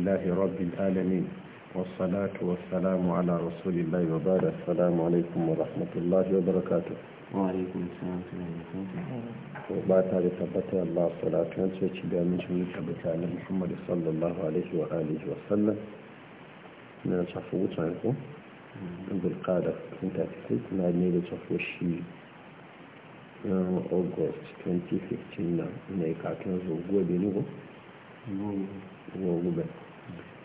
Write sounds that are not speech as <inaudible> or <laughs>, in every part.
الله رب العالمين والصلاة والسلام على رسول الله وبعد السلام عليكم ورحمة الله وبركاته وعليكم السلام وبعد ثبت الله صلاة ونسوة بأمن شمال ثبت على محمد صلى الله عليه وآله وسلم من الشفوة عنكم بالقادة كنت أتفيت من أدنى الشفوة الشيء أغسطس 2015 na ikakiyar zuwa gobe ne gobe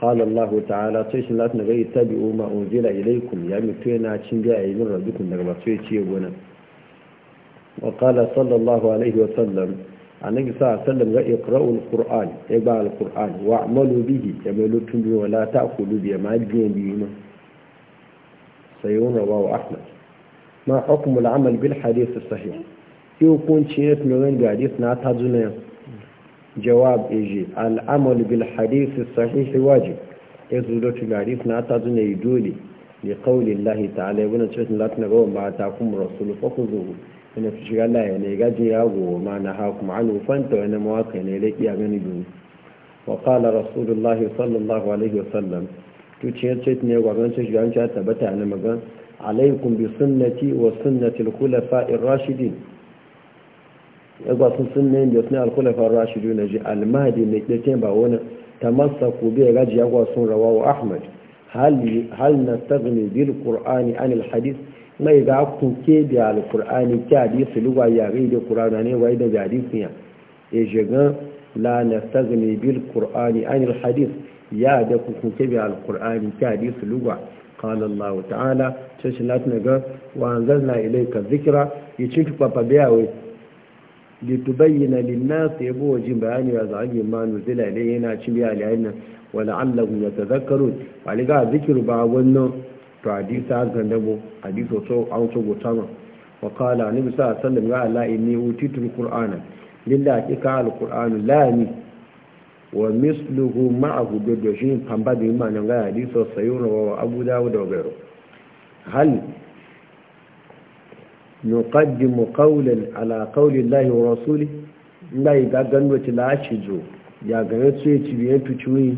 قال الله تعالى تشن لا تنغي تبعوا ما أنزل إليكم يا يعني متوينا تشنجا من ربكم نغبا تشي يبونا وقال صلى الله عليه وسلم عن النبي صلى الله عليه وسلم اقرأوا القرآن اقرأوا القرآن واعملوا به يعملوا يعني تنبي ولا تأخذوا به ما جين بيما سيون رواه أحمد ما حكم العمل بالحديث الصحيح يكون شيء من غير حديث جنيه jawab eji al'amal bil hadisi sahihi wajib ya zuwa tun hadis na ta zuna yi dole ne kaulillahi lahi ta'ala ibn cikin latin gawa ma ta kuma rasulu fakun zuhu ina fi shiga laye ne gajin ya gowa ma na ha kuma an ufanta wani mawaka ne da gani biyu wa kala rasulullahi sallallahu alaihi wasallam tuciyar ta bata na magan alaikum bi sunnati wa sunnati al-khulafa rashidin ya sun sun ne da suna alkulafar rashidu na ji almadi ne ɗaken ba wani ku bi gaji ya yagwa sun wa ahmad hal na tagni bil qur'ani an al mai ga kuke da al qur'ani ki hadisi luwa ya ga da qur'ani ne wai da hadisi ya e jegan la na tagni bil qur'ani an al hadith ya da kuke da al qur'ani ki hadisi luwa قال الله تعالى تشلاتنا وانزلنا اليك الذكرى يتشكوا بابياوي litubayyana ya yabo wajin bayani a zage ma nuzila ilayhi yana cin biya alayna wa la'allahum yatadhakkarun waliga zikru ba wannan to hadisa ganda bo hadiso so an so gotama wa qala annabi sallallahu alaihi wasallam ya la inni utitul qur'ana lillahi ka alqur'anu la ni wa misluhu ma'ahu bi dajin pamba bi ma nan ga hadiso wa abu dawud wa gairo hal nuqaddimu qawlan ala qawli llahi wa rasuli nda ga gando ti lashi chijo ya ga ne tse ti biye tu chuyi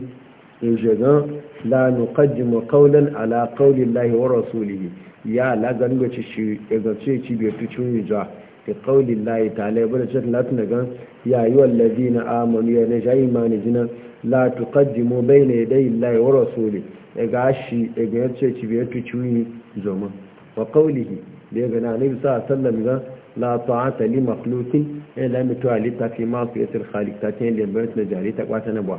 e jega la nuqaddimu qawlan ala qawli llahi wa rasulihi ya la gando ci shi e ga tse ti biye tu chuyi ja ke qawli llahi ta'ala bada ce la tun ya ayyuhal ladina amanu ya ne jayi mani jina la tuqaddimu bayna yaday llahi wa rasulihi e ga shi e ga tse ti biye tu chuyi zoma wa qawlihi da ya gani gana annabi sa sallam ga la ta'ata li makhluqin illa eh, mitu alita fi ma fi yatir khaliq ta tin da bayt na jari ta kwata na ba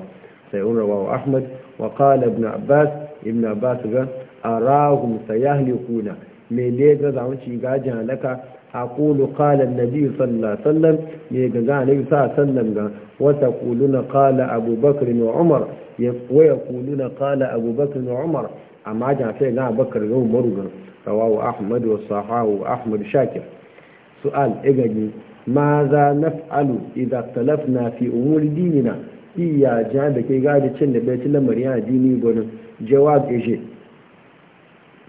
sai un rawahu ahmad wa qala ibn abbas ibn abbas ga arahum sayahlikuna me ne ga zamu ci gajin halaka aqulu qala an-nabi sallallahu alaihi wasallam ne ga ga annabi sallallahu alaihi wasallam ga wa taquluna qala abubakar wa umar wa yaquluna qala abubakar wa umar amma da sai ga abubakar ga umar ga rawahu ahmad wa sahahu ahmad shakir su'al igagi e ma za naf'alu idza talafna fi umuri dinina iya ja da kai gadi cin da baitul lamari a dini gona jawab ije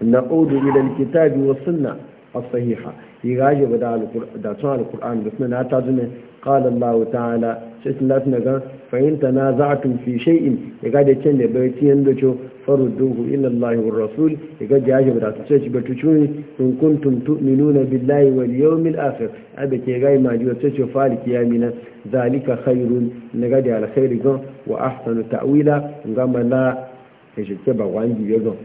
e na udu ila alkitabi wa sunna as-sahiha yaje bada alqur'an da tsan alqur'an da sunna ta zume qala allah ta'ala sai tunda tana ga fa in tanaza'tum fi shay'in yaga da cin da baitiyan da cho farudduhu ila Allah wa rasul iga jaje ba ta ce ba tucuni in kuntum tu'minuna billahi wal yawmil akhir abe ke gai ma ji wace ce fali kiyamina zalika khairun naga da alkhairi gon wa ahsanu ta'wila ngama la ke ba wangi gon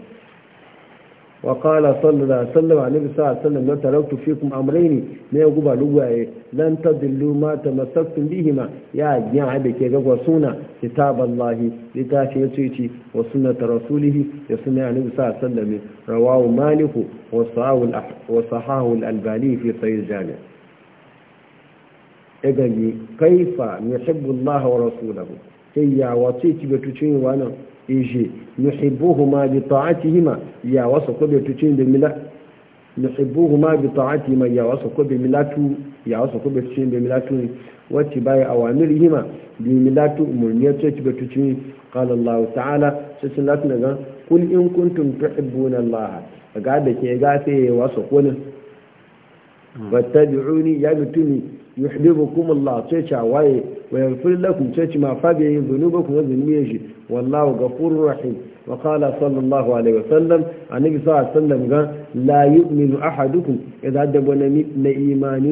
وقال صلى الله عليه وسلم عن النبي صلى الله عليه وسلم لو تركت فيكم امرين ما يغبا لغواي لن تضلوا ما تمسكتم بهما يا جن عبدك كي غوا سنة كتاب الله لتاشي يتيتي وسنه رسوله يسمع النبي صلى الله عليه وسلم رواه مالك وصححه الالباني في صحيح الجامع إذا كيف يحب الله ورسوله كي يا وتيتي بتوتين وانا ishe yuhibbuhuma bi ta'atihima ya wasu ko be tucin da mila yuhibbuhuma bi ta'atihima ya wasu ko be milatu ya wasu ko be tucin da milatu wati bai ma bi milatu umurniyar ce ci be tucin qala Allah ta'ala sai sun lati daga kul in kuntum tuhibbuna Allah ga da ke gafe wasu kunin fattabi'uni mm. ya mutuni yuhibbukum Allah sai waye ويغفر لكم تشي ما فبي ذنوبكم وذنوبي والله غفور رحيم وقال صلى الله عليه وسلم النبي صلى الله عليه وسلم قال لا يؤمن أحدكم إذا أدب نإيمان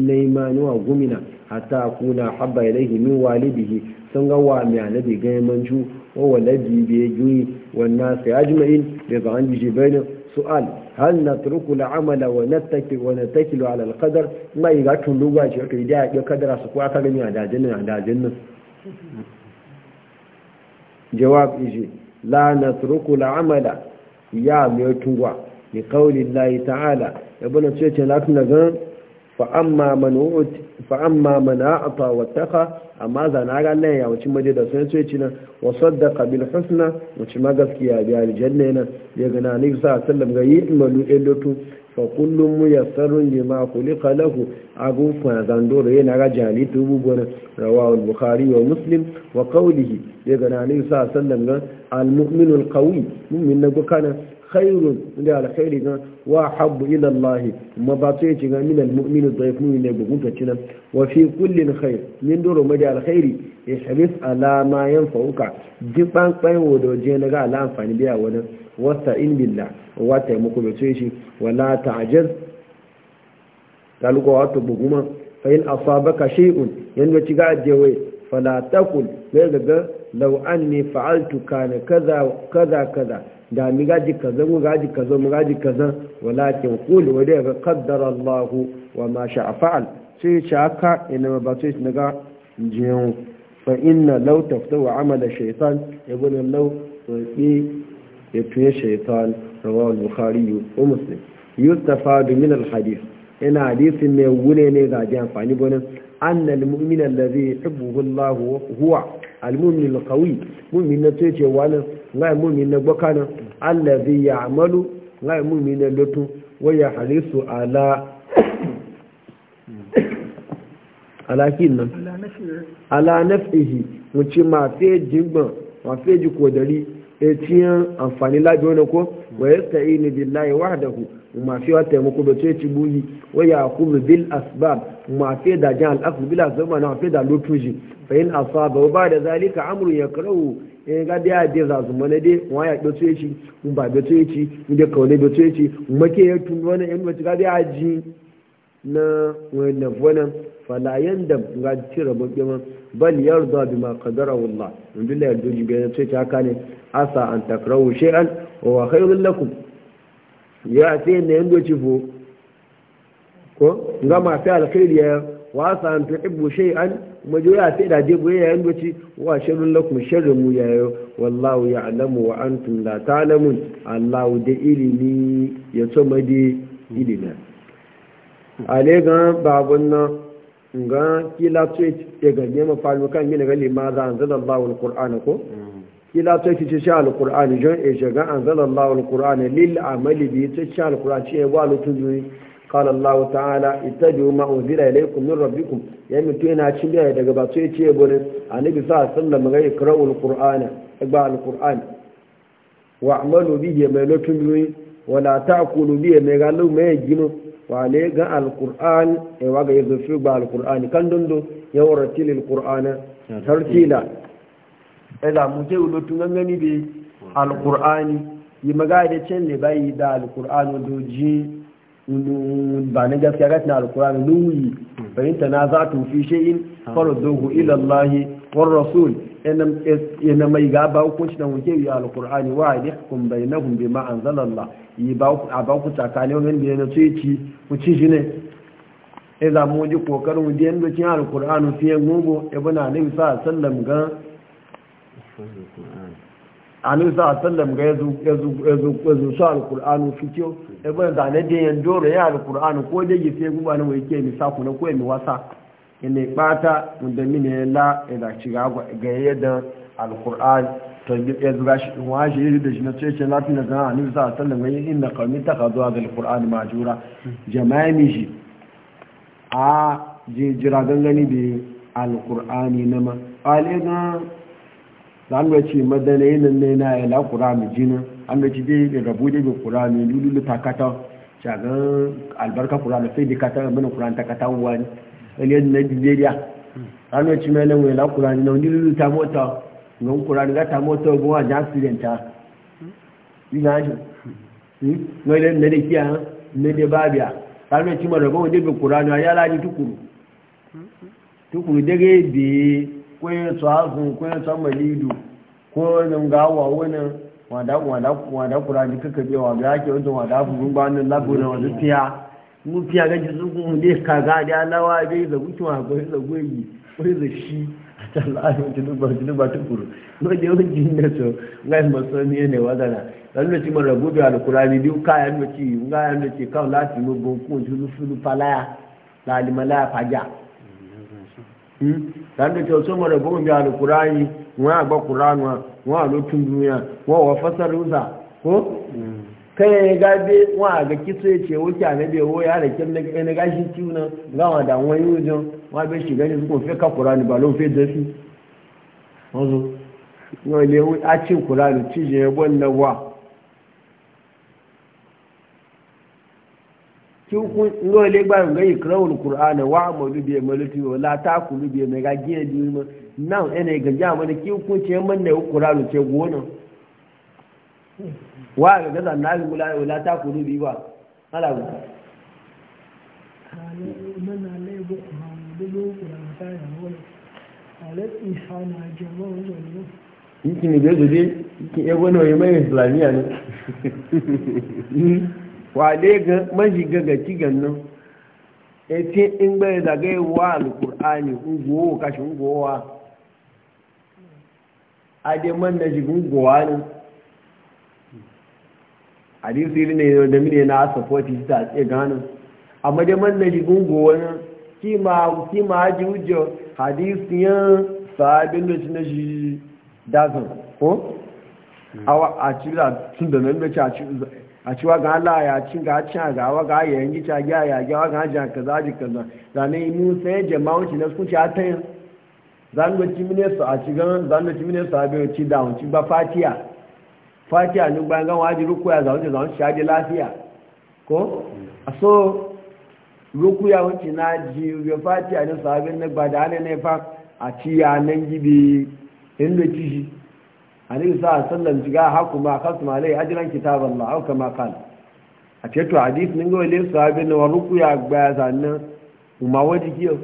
من إيمان وغمنا حتى أكون أحب إليه من والده سنغوى من الذي قيمنجو وولدي بيجوي والناس أجمعين يضعن بجبينه su'al hal natruku al'amala wa nattaki wa nattakilu ala al-qadar mai ga tun lugwa shi to idan ya kadara su ko aka gani a dajin nan a dajin nan jawab ije la natruku al'amala ya mai tungwa ni qawli Allah ta'ala ibn ce ce la tun daga fa amma man u'ti fa amma mana a tawattaka amma zana ranar ya wuce maje da sun ce cinan wa saddaka bil husna wuce ma gaskiya bi janna yana ya gana ni sa sallam ga yi malu elotu fa kullum muyassarun lima khuliqa lahu abu fa zandoro yana ga jali tubu gona rawahu bukhari wa muslim wa qawlihi ya gana ni sa sallam ga al muminul qawi mu'min na khairun inda alkhairi kan wa habbu ila Allah ma ba to yace ga minal mu'minu dhaif mu'min ne gugun gunta cinan wa fi kullin khair min doro ma da alkhairi ihbis ala ma yanfa'uka jiban kwain wodo je na ga ala amfani biya wani wasta in billah wa taimako bai ce shi wala ta'jaz kalugo wato buguma fa in asabaka shay'un yanda ci ga ajewe fala taqul ga ga law anni fa'altu kana kaza kaza kaza da mi gaji kaza mu gaji kaza mu gaji kaza walakin qul wa da qaddara Allah wa ma sha'a fa'al sai shaka ina ba sai naga jiyan fa inna law taftu amala shaytan ibn law ya yafi shaytan rawahu al-bukhari wa muslim yustafadu min al-hadith ina hadisi ne wune ne ga ji amfani bonin أن المؤمن الذي يحبه الله هو المؤمن القوي مؤمن تيتي وانا لا مؤمن بكنا الذي يعمل لا مؤمن لتو ويحرص على على كينا على نفسه وشي ما فيه جنبا ما فيه جكودري etiyan amfani lajo ne ko wa yasta'inu billahi wahdahu ma fi wa taimako da ce ci buyi wa yaqubu bil asbab ma fi da jan al asbab bil asbab na fi da lutuji fa in asaba wa ba'da zalika amru yakrahu in ga da ya za su mana dai wa ya do ce Mu ba da ce ci mun da kaule da ce ci mun ke ya tun wani in wata ga da ji na wannan wannan fala yanda ga cire bukiman bal yarda bima qadara wallah in billahi doji ga ce ta kane asa an takrahu shay'an wa khairul lakum ya ce ne yan doci fo ko nga ma fi alkhairi ya wa sa an tuhibbu shay'an kuma ya ce da je boye yan doci wa sharrul lakum sharru mu ya yo wallahu ya'lamu wa antum la ta'lamun allahu da ilimi ya tsoma di ilimi ale ga babun nan nga kila tweet ya ga ne mafalu kan gina ga limaza anzalallahu alqur'ana ko kila ta ki ci alqur'ani jon e jaga anzalallahu alqur'ana lil amali bi ta ci alqur'ani ce wa lutun qala allah ta'ala ittabi'u ma unzila ilaykum min rabbikum ya mutu yana cin biya daga ba sai ce bone annabi sa sallam ga ikra'ul qur'ana ba alqur'ani wa amalu bihi mai lutun wa la ta'kulu bi mai galu mai wa wale ga alqur'an e waga yazo fi ba al'kur'ani kan dondo yawratil alqur'ana tartila ila mu ke ulo tun gangani be alqur'ani yi magana cin ne bai da alqur'ani doji ba na gaskiya ga tana alqur'ani nuyi bayin na za tu fi shay'in farduhu ila Allah war rasul ina mai gaba hukunci da muke yi alqur'ani wa yahkum bainahum bima anzala Allah yi ba a ba ku tsakani wannan da ne ce ci ku ci shi ne ila mu ji kokarin mu da yanda cin alqur'ani fiye gugu ibn Ali sallallahu alaihi wasallam ga a anu sa sallam ga yazo yazo yazo yazo sa alqur'anu fitiyo e bana da ne den re ya alqur'anu ko da yi sai guba ne wai ke ni sa ku na ko mi wasa ne bata mun munda mine la ila ciga ga ga yadda alqur'an to yazo ga shi wa shi da shi na ce ce lati na ga anu sa sallam ga inna qawmi takhadhu hadha alqur'an majura jama'i mi shi a je jira gangani bi alqur'ani nama alina zan ga ce madana yanin ne na ya la qur'ani jina an ga ci dai da rabu dai da qur'ani lulu ta kata shagan albarka qur'ani sai da kata mana qur'ani ta kata wani eliyan na nigeria an ga ci mai la qur'ani na lulu ta mota ngon qur'ani ga ta mota go a jasidenta ina ji hmm? ngai da ne kiya ne da babia an ci mai rabo dai da qur'ani ya la ni tukuru hmm? tukuru dai bi ko yin tsawazin ko yin tsan malidu ko yin gawa wani wada kuraji kaka bewa ga ake wajen wada furin banin labu na wani fiya mun fiya ga ji zugun ne kaga da alawa bai da gukin wa ko da goyi ko da shi a tallahi mutum duba mutum duba tukuru no je wani jin da so ngai masani ne wadana dan da ci mara gobe alqurani biyu kayan da ci ngai da ci kan lati mu bon ko julu fulu falaya la limala faja tàbí tí o sọ mọ̀rẹ̀ bóun bí a yìí wọ́n àgbọ̀ kùrá nù wọ́n àlọ́ a dùn yà wọ́n wọ́n fọ́sẹ̀rì wùsà kó kẹ́yìn ẹ̀gá dé wọ́n àgbẹ̀ kíso ètò ẹ̀wọ́ kí na ẹ̀wọ́ yà rẹ̀ kẹ́mi ẹ̀nẹ́gá sí tíw náà gáwọn àdá wọn yóò ka wọ́n abẹ́ ṣì gẹ́ni fún fẹ́ cikin ngo le gba ngo ikrawul qur'ana wa amalu bi malati wa la taqulu bi mega giye di ma nan ene ga ja mana ki ku ce man ne qur'anu ce gona wa ga da na bi la la taqulu bi wa ala ga Ikin ibe zuri, wale ga majiga ga kigan nan ete in bai zagaye wa alkur'ani ungowo kashi ungowa ademan na jigin ungowa ne hadisi ne da mine na asafoti ta tse gano amma dai man na jigin ungowa ne kima kima haji hadisi hadisiyan sahabin da shi na shi dazan ko hmm. a cira tun da nan da ci a cira a cewa ga Allah ya ci ga cin ga wa ga ya yanki ta ga ya ga ga jan kaza ji kaza zane mu sai jama'u ci na su ci atan zan ga ci mine su a ci gan zan ga ci mine su a bai ci da ci ba fatiya fatiya ni ba ga waji rukuya za wuce za wuce shaje lafiya ko so rukuya wuce na ji ya fatiya a sabin ne ba da ne fa a ci ya nan gibi inda ci shi annabi sa a sallan jiga haku ma kasu ma lai ajiran kitab Allah auka ma kan a ceto to hadis ga wale sahabi na waruku ya gba zannan ma waji kiyo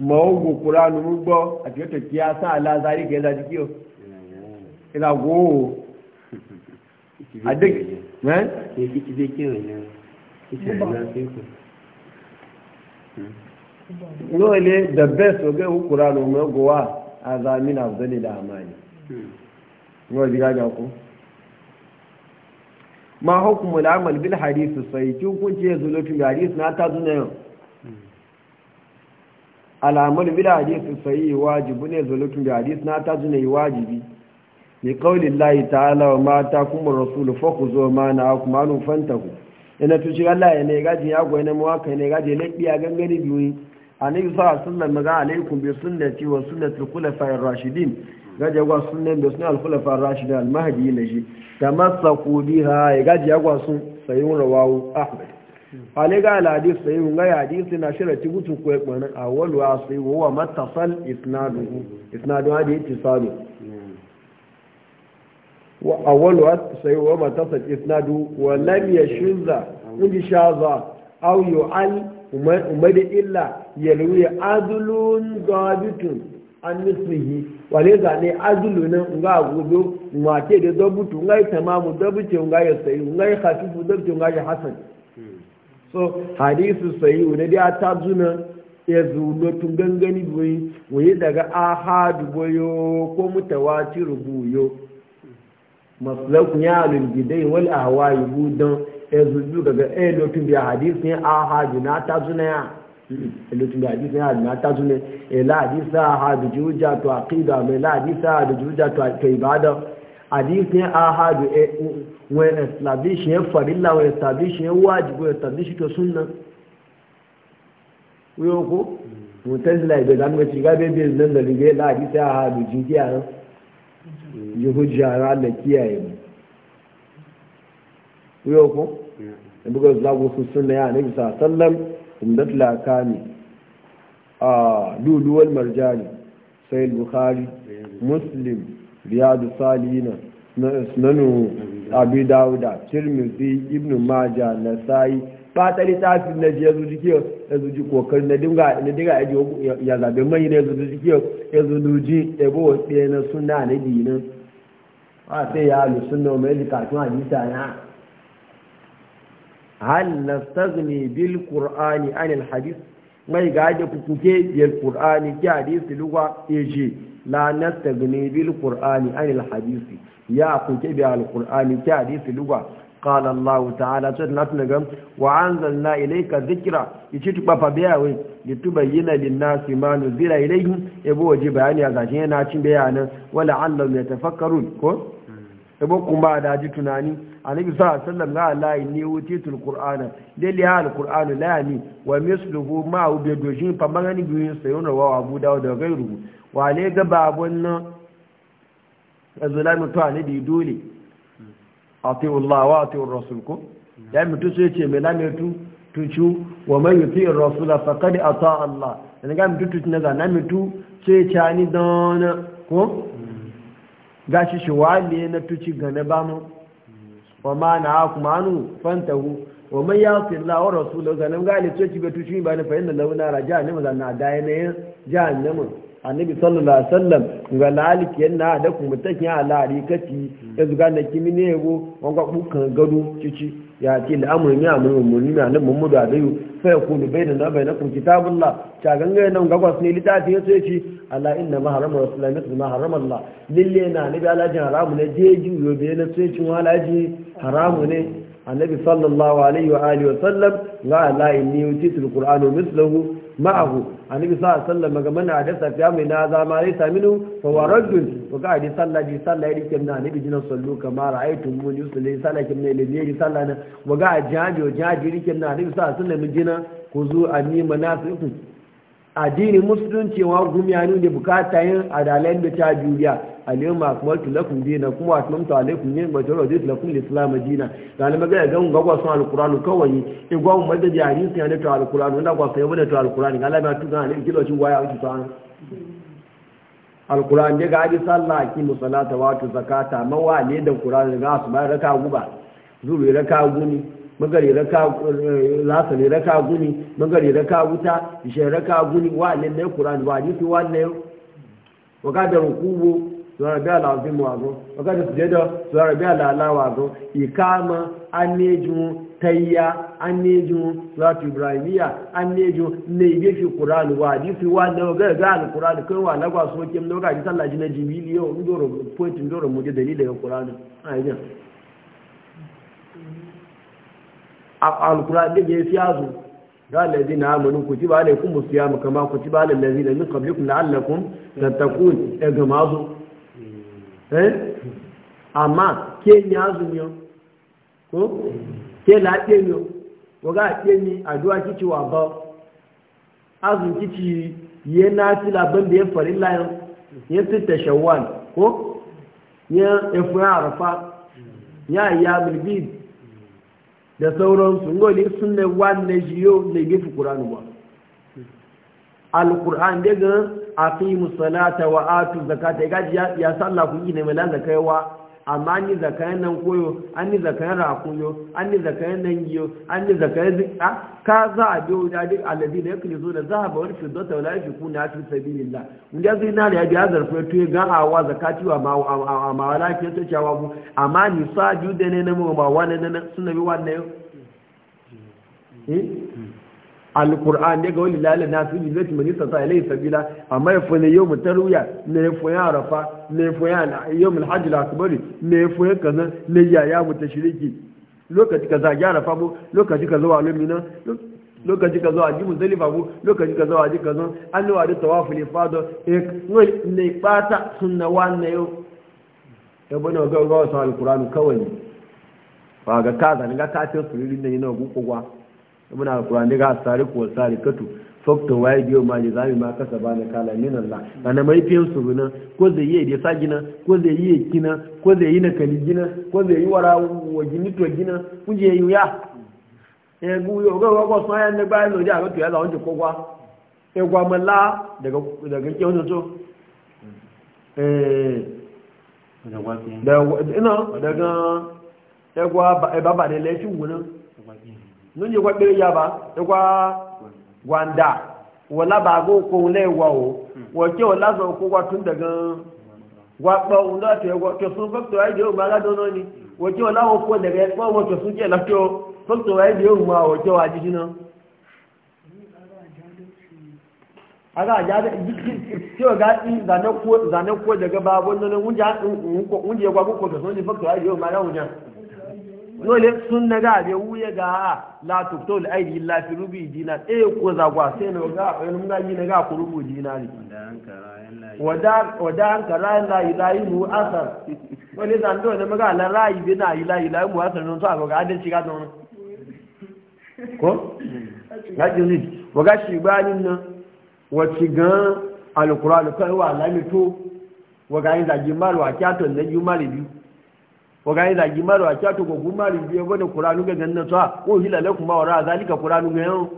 ma wogo qur'anu mu gbo a ceto to kiya sa ala zari ga zaji kiyo ila go adik ne ne ki je kiyo ne kici na sai ku the best gowa da amani wa ji da ku ma hukumu al'amal bil hadith sai hukunci ya zulufi ga na ta zuna yau al'amal bil hadith sai wajibu ne zulo ga hadith na ta zuna hmm. yi wajibi ni kaulin layi ta'ala wa ta kuma rasulu foku zo ma na kuma nufanta ku ina tuci Allah ya ne gaji ya goyi na aka ne gaji ne biya gangani biyu annabi sallallahu alaihi sallam ga alaikum bi sunnati wa sunnati al-khulafa'ir rashidin gaji yagwa sun nan da suna alkulafa rashida almahadi na shi ta masa kudi ha ya gaji yagwa sun sayin rawawu ahmed hali ga alhadis sayin ga ya hadisi na shirar ti gutun kuwa kwanan a walwa sai wa matasal isnadu ha ya ci sami wa a walwa sai wa matasal isnadu wa lam ya shuzza inji shaza au yu'al umar da illa ya ruwe adulun gabitun an mislihi wale zane azulu nan nga agogo ma ke da dabutu nga yi tamamu dabuce nga ya sayi nga yi hafifu dabuce nga ya hasan so hadisu sayi wani da ta zuna ezu zuno tun gangani boyi wani daga ahadu boyo ko mutawatir buyo maslakun ya alulgidai wal ahwayi budan eh, ya zuzu daga ɗaya bi da hadisun ahadu na ta zuna ya ilutunga hadisi ya na ta tune ila hadisa hadu juja to aqida me la hadisa hadu juja to ibada hadisi a hadu e when establish e farilla we establish e wajibu establish to sunna wiyo ko mutazila ibe dan me shiga be be nan da lige la hadisa hadu jiya yi hujja ra da kiyaye mu wiyo ko buga zagu su sunna ya ne sallallahu sallam umdat lakani a luluwal marjani sai bukhari muslim riyadu salina sunanu abu dawuda tirmidhi ibn maja nasai fatali ta fi na je zuji kiyo ya zuji kokarin na dinga na dinga aji ya zabe mai ne zuji kiyo ya zuji ebo tsaye na suna na dinin a sai ya alu sunna mai likatun hadisa na hal nastazni bil qur'ani anil hadith mai gaje ku kuke bil qur'ani ki hadith lugwa eje la nastazni bil qur'ani anil hadith ya kuke bi al qur'ani ki hadith lugwa qala allah ta'ala tatnatna gam wa anzalna ilayka dhikra ichi tupapa bayawe litubayyana lin nasi ma nuzila ilayhim ebo waje bayani a gaje na cin bayanan wala allah ya tafakkaru ko kuma da ji tunani annabi sallallahu alaihi wasallam ga Allah ne wuce tul qur'ana dai ha al qur'anu la yani wa misluhu ma hu bi dojin fa magani biyu sayuna wa abu dawud da gairu wa ne ga babun nan azulami to annabi dole ati Allah wa atiu rasul ko ya mutu sai ce me lametu tucu wa man yuti ar-rasul faqad ata Allah dan ga mu tu na ga na mutu sai ce ani don ko gashi shi wa wale na tuci ga na ba mu wa ma na haku manu fantahu wa man yasi Allah wa rasuluhu ganin ga alice ki betu shi ba ni fa inna launa raja ne mazan na da ne jahannama annabi sallallahu alaihi wasallam ga laliki yana da kun mutakin ala rikati ya zuga na kimi ne yego wanga bukan gado cici ya ce da amurin ya amurin mummuni na nan mummudu a dayu sai ya kudu bai da na ku na kun kitabullah ta ganga nan gagwas ne littafi ya sai ci ala inna ma harama rasulullahi mithlu ma harama allah lille na da alaji haramu ne ji yo be na sai cin walaji haramu ne annabi sallallahu alaihi wa alihi wasallam la la inni utitul alquranu mithluhu ma'ahu a sallallahu sa wasallam ga mana da sa fiya mai na zama rai saminu fa waraddun to ga adi sallah ji sallah ya dike na annabi jinan sallu kama ni mun yusalli sallah kin ne ya di sallah na wa ga jajo jaji dike na annabi sallallahu alaihi wasallam jina ku zo, zu anni nasu. addini musulunci wa gumiya ne da bukata yin adalai da ta juriya alayhi ma akmaltu lakum dinakum wa atmamtu alaykum ni'mati wa raditu lakum al-islam dinan da ne magana ga ngwa sun alqur'anu kawai in gwa mun da jari sun ne ta alqur'anu da gwa sai bude ta alqur'anu ga lama tuka ne kilo cin waya a cikin an alqur'an ga sallah ki musalata wa zakata mawa ne da qur'an ga su ba raka guba zuru raka guni magari raka lasa ne raka guni magari raka wuta ishe raka guni wa ne ne qur'an wa ni fi wanne wa ka da rukubu sura bi ala azim wa go wa ka da sujada sura bi ala ala wa go ikama aneju tayya aneju sura ibrahimiya aneju ne ibe fi qur'an wa ni fi wanne ga ga al qur'an kai wa na gwa so kim no ga ji sallaji na jibiliyo ndoro point ndoro mu je dalilin qur'an ayin alkura ɗin ya fi yazo ga lalazi na amonu ku ci ba da kuma su yamu kama ku ci ba da lalazi da min kablikun la'allakun tattakun ya e gama zo hmm. eh? amma ke ni azumi ko ke la ɗe ni ko ga ɗe ni addu'a kici wa ba azumi kici ye na ti la ban da ya fari layan ya titta shawwal ko ya efra arfa hmm. ya ya bilbid da sauransu ngoli sunne wanne yau ne gifi ƙuranu ba alƙur'an daga aqimu salata wa atu zakata ga ya sallah ku ne mai lan zakaiwa amma an yi zakayen nan koyo an yi zakayen rakuyo an yi zakayen nan giyo an yi zakayen zika ka za a biyo da duk alladi da yakli zo da zahaba wal fiddata wala yashku na fi sabilillah inda zai na da ya zarfe to ga awa zakati wa ma wala ke to cewa ku amma ni sa biyu da ne na mu ba wannan nan sun nabi wannan eh alkur'an ne ga wani lalin nasu bi zai tumani sata ilai sabila amma ya fi ne yau mu taruya ne ya fi arafa na ya fi yau mu hajji lakubari ne ya fi kaza ne yaya mu ta shiriki lokaci kaza ya arafa mu lokaci kaza wa na? lokaci kaza a ji muzdalifa mu lokaci kaza a ji kaza an wa da tawafu eh, ne fado ne bata sunna wannan yau ya bane ga ga wasu alkur'an kawai ba ga kaza ne ga kafin suririn da yana gukugwa ibn al-quran daga sariku wa katu fakta waye biyo ma ne zami ma kasa ba na kala Allah na na mai fiye su na ko zai yi da gina ko zai yi gina ko zai yi na gina ko zai yi wara wa gini to gina kun je yi ya e gu yo ga ko ne ba ja to ya e gwa ma la daga daga nunyi kwa kpere ya ba ikwa gwanda wala ba go ko le wa o wo ke wala zo ko kwa tun daga wa pa unda te go to sun ai ba ga dono ni wo ke wala wo ko daga ko wo to sun ke la to fakto ai de ma wo ke wa aga ja ke ga in ko ko daga nan unja unje kwa ko sun ai ma unja dole sun na gabe wuya ga ha la tukto al aidi illa fi rubi dinar e ko zagwa sai na ga in eh, ga yi na ga ku rubu dinari wada wada an kara la ilahi mu asar wani zan do da maga la rai bi na ilahi la mu asar non to ga adin shiga don ko ga jiri waga shi banin nan wace gan alqur'an kai wa lamito waga yin zagi malwa kyaton na yumari biyu waga yi zagi mara a kyato ko kuma ri biyo wani kuranu ga ganna to ko hila la kuma wara zalika kuranu ga yau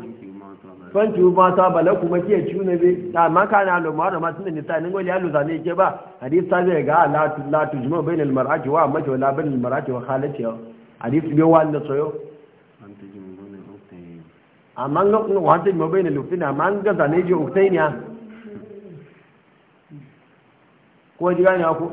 fanki ba ta bala kuma ke ciune be ta ma kana lo mara ma tunda nisa ne ngoli alu zane ke ba hadith ta ga la tu bai tu juma bain al mar'ati wa amati wa la bain al mar'ati wa khalati hadith bi wa na soyo amma ngok no wa bai juma bain al ufina ma ga zane je uktainya ko ji gane ko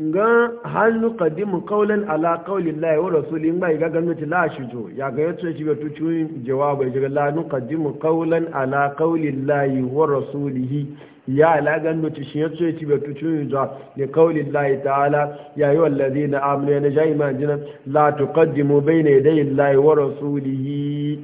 ga hannu kadimu kaulin ala kaulin laye wa rasuli in ba ga gwamnati la shi jo ya ga yace shi ga tuci jawabai ga la nu kadimu kaulan ala kaulin laye wa rasulihi ya ala gwamnati shi yace shi ga tuci jo ne kaulin laye ta'ala ya yi wallazina amanu na jaima jinan la tuqaddimu bayna yaday laye wa rasulihi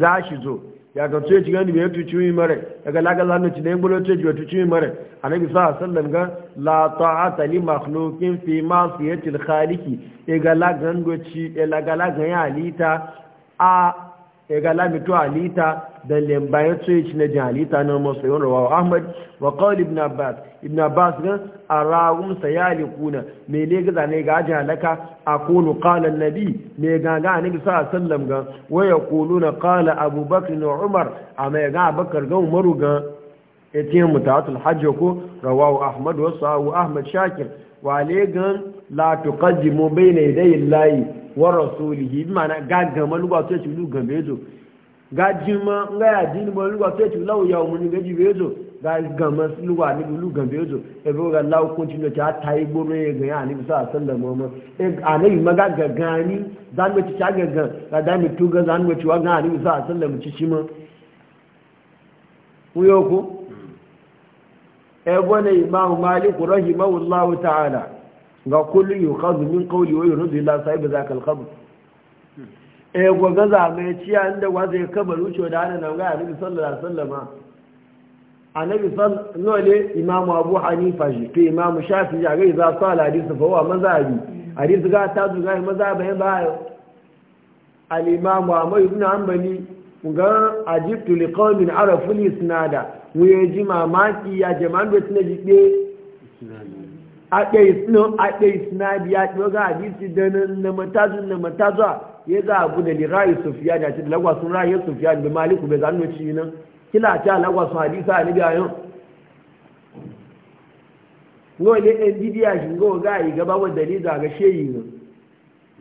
za shi jo ya ka tuye ci gani bai tuci mi mare daga laga zanu ci dan bulo tuye tuci mi mare annabi sa sallam ga la ta'ata li makhluqin fi ma'siyati al-khaliqi e ga lagan doci e laga lagan ya alita a e ga lamitu alita da lembayin tsoyici na jihalita na masu yawan wa ahmad wa kawai ibn abbas ibn abbas gan a rawun ya kuna mai ne gaza ne ga jihalaka a kunu kala nabi mai ganga a nabi sa'a sallam gan waya kulu na kala abubakar na umar a mai ga abakar gan umaru gan etiyan mutawatul hajji ko rawa ahmad wasu Awu, ahmad shakir wa ne gan la bai na idayin layi wa rasulihi ma'ana gaggama lugwa to shi lugan zo gajima nga ya dini mo luwa ke ti lawo ya omu ni gaji bezo ga gama luwa ni lu gan bezo e bo ga lawo continue ta tai bo me ga ya ni sa san da mo mo e anayi ga ga zan dan me ti cha ga ga ga dan me tu ga dan me ti wa ga ni sa san da mu ci ci mo u yo ko e bo ne ma hu maliku rahimahu allah ta'ala ga kullu yu khadhu min qawli wa yurdu la sahib zakal qabr e gwaga zame ciya inda wanda ya kaba ruce da ana nan ga annabi sallallahu alaihi wasallam annabi sallallahu ne? imamu abu hanifa shi ke imamu shafi ya ga su sala hadisi fa huwa mazhabi hadisi ga ta zuga bai ba al imamu amr ibn hanbali ga ajibtu li qaumin arafu li isnada mu yaji mamaki ya jama'an da tuna jibe a ɗaya isnadi ya ɗoga hadisi da na matazu na matazu ya za a abu da lirayi sufiya da ci lagwa sun rayi sufiya da maliku bai zanno ci nan kila ta lagwa sun hadisa ni ga yau wani ne didiya bidiya shi go ga yi gaba wa da ga sheyi nan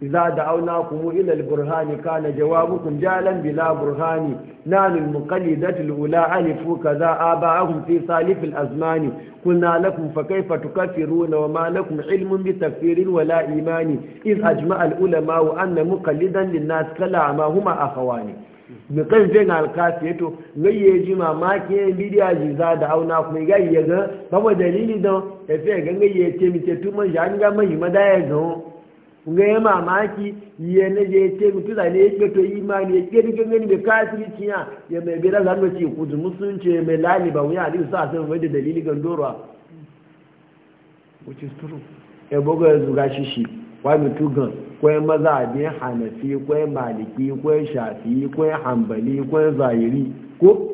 إذا دعوناكم إلى البرهان كان جوابكم جالا بلا برهان نان المقلدة الأولى ألفوا كذا آباءهم في صالف الأزمان قلنا لكم فكيف تكفرون وما لكم علم بتكفير ولا إيمان إذ أجمع العلماء أن مقلدا للناس كلا ما هما أخوان mukan jin alkasi to mai ya ji mamaki yan bidiya ji za da auna kuma ga iya ga babu dalili don tafiya ga ga ya ce mi ce tun man shi an ga mai madaya ga nga ya mamaki ya na ya ce mutu da ne ke to imani ya ke dukkan gani da kafiri ya ya mai bira zan ba ce kudu musulunci ya mai lali ba wuya ali sa sai wai da dalili gandorwa which is true e boga ya zuga shi shi wa mutu gan ko ya maza biyan hanafi ko ya maliki ko ya shafi ko ya hanbali ko ya zahiri ko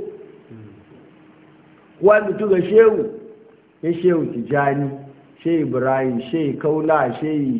wa mutu ga shehu ya shehu tijani shehu ibrahim shehu kaula shehu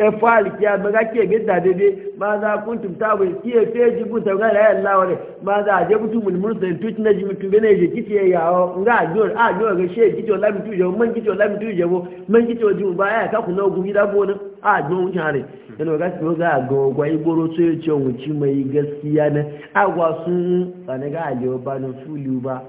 efu alikiya ba kake gidda daidai ma za kuntum ta bai kiye fe ji buta ga la Allah wale ma za je butu mun mursalin tuci na ji mutu bene je kici ya yawo nga jor a jor ga she kici la mutu je man kici la mutu je nkiti man kici ba ya ka kuno gumi da bo ne a jo mun tare yana ga su ga ga gwa iboro so ya ce mun ci mai gaskiya ne agwa ba na